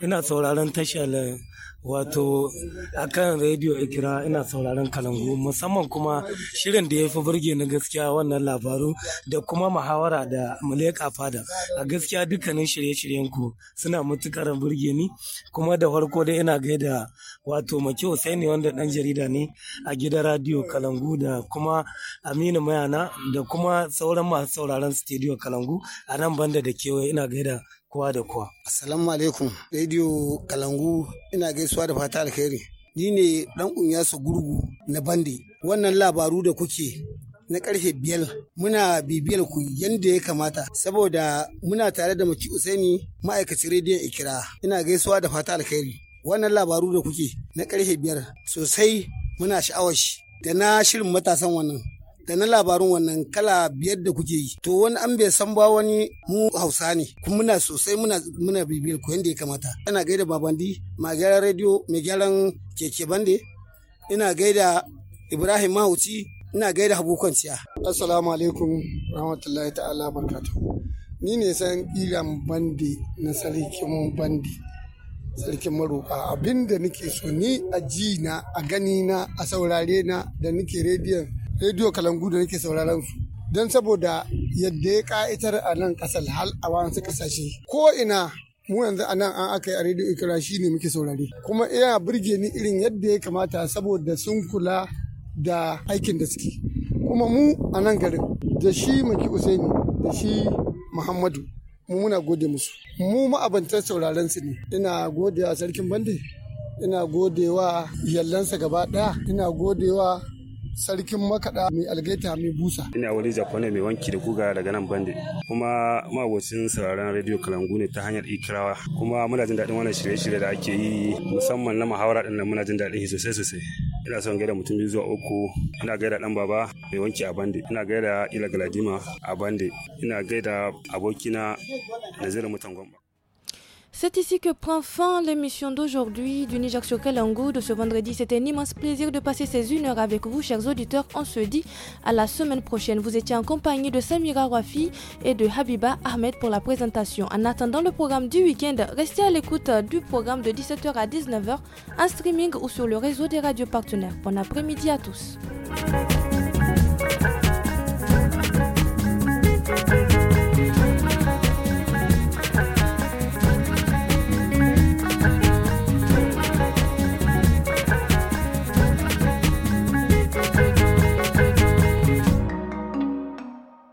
ina sauraron tashar wato akan rediyo ikira ina sauraron kalangu musamman kuma shirin da ya fi burge na gaskiya wannan labaru da kuma muhawara da muleka fada a gaskiya dukkanin shirye-shiryen ku suna matukar burge ni kuma da farko da ina gaida wato maki ne wanda dan jarida ne a gidan radio kalangu da kuma aminu mayana da kuma sauran masu sauraron studio kalangu a nan banda da kewaye ina gaida kowa da kowa. Assalamu alaikum, Radio Kalangu ina gaisuwa da fata alheri. Ni ne ɗan unyasu gurgu na bandi. Wannan labaru da kuke na karfe biyar muna bibiyar ku yadda ya kamata saboda muna tare da maki usaini ma'aikacin rediyon ikira ina gaisuwa da fata alheri wannan labaru da kuke na karfe biyar sosai muna sha'awar shi da na shirin matasan wannan da na labarin wannan kala biyar da kuke yi to wani an bai san ba wani mu hausa ne kuma muna sosai muna muna bibiyar ku yadda ya kamata ina gaida babandi ma gyaran rediyo mai gyaran keke bande ina gaida ibrahim mahauci ina gaida habu kwanciya assalamu alaikum rahmatullahi ta'ala barkatu ni ne san iran bande na sarkin bande sarkin maroka abinda nake so ni a ji na a gani na a saurare na da nake rediyon rediyo kalangu da nake sauraron su don saboda yadda ya ka'itar a nan kasar hal a su kasashe ko ina mu yanzu a nan an aka yi a rediyo ikira shi ne muke saurari. kuma iya burge ni irin yadda ya kamata saboda sun kula da aikin da suke kuma mu a nan garin da shi maki usaini da shi muhammadu mu muna gode musu mu ma'abantar sauraron su ne ina gode wa sarkin bande ina gode wa yallansa gaba ɗaya ina gode wa sarkin Makada. mai algaita mai busa. Ina wani jakwane mai wanki da guga daga nan bande kuma mawacin sauraron rediyo kalangu ne ta hanyar ikirawa kuma muna jin daɗin wannan shirye-shirye da ake yi musamman na muhawara ɗin nan muna jin daɗin shi sosai sosai. Ina son gaida mutum zuwa uku, ina gaida ɗan baba mai wanki a bande, ina gaida ila galadima a bande, ina gaida abokina Naziru Mutan Gwamba. C'est ici que prend fin l'émission d'aujourd'hui du Niger sur de ce vendredi. C'était un immense plaisir de passer ces une heure avec vous, chers auditeurs. On se dit à la semaine prochaine. Vous étiez en compagnie de Samira Wafi et de Habiba Ahmed pour la présentation. En attendant le programme du week-end, restez à l'écoute du programme de 17h à 19h en streaming ou sur le réseau des radios partenaires. Bon après-midi à tous.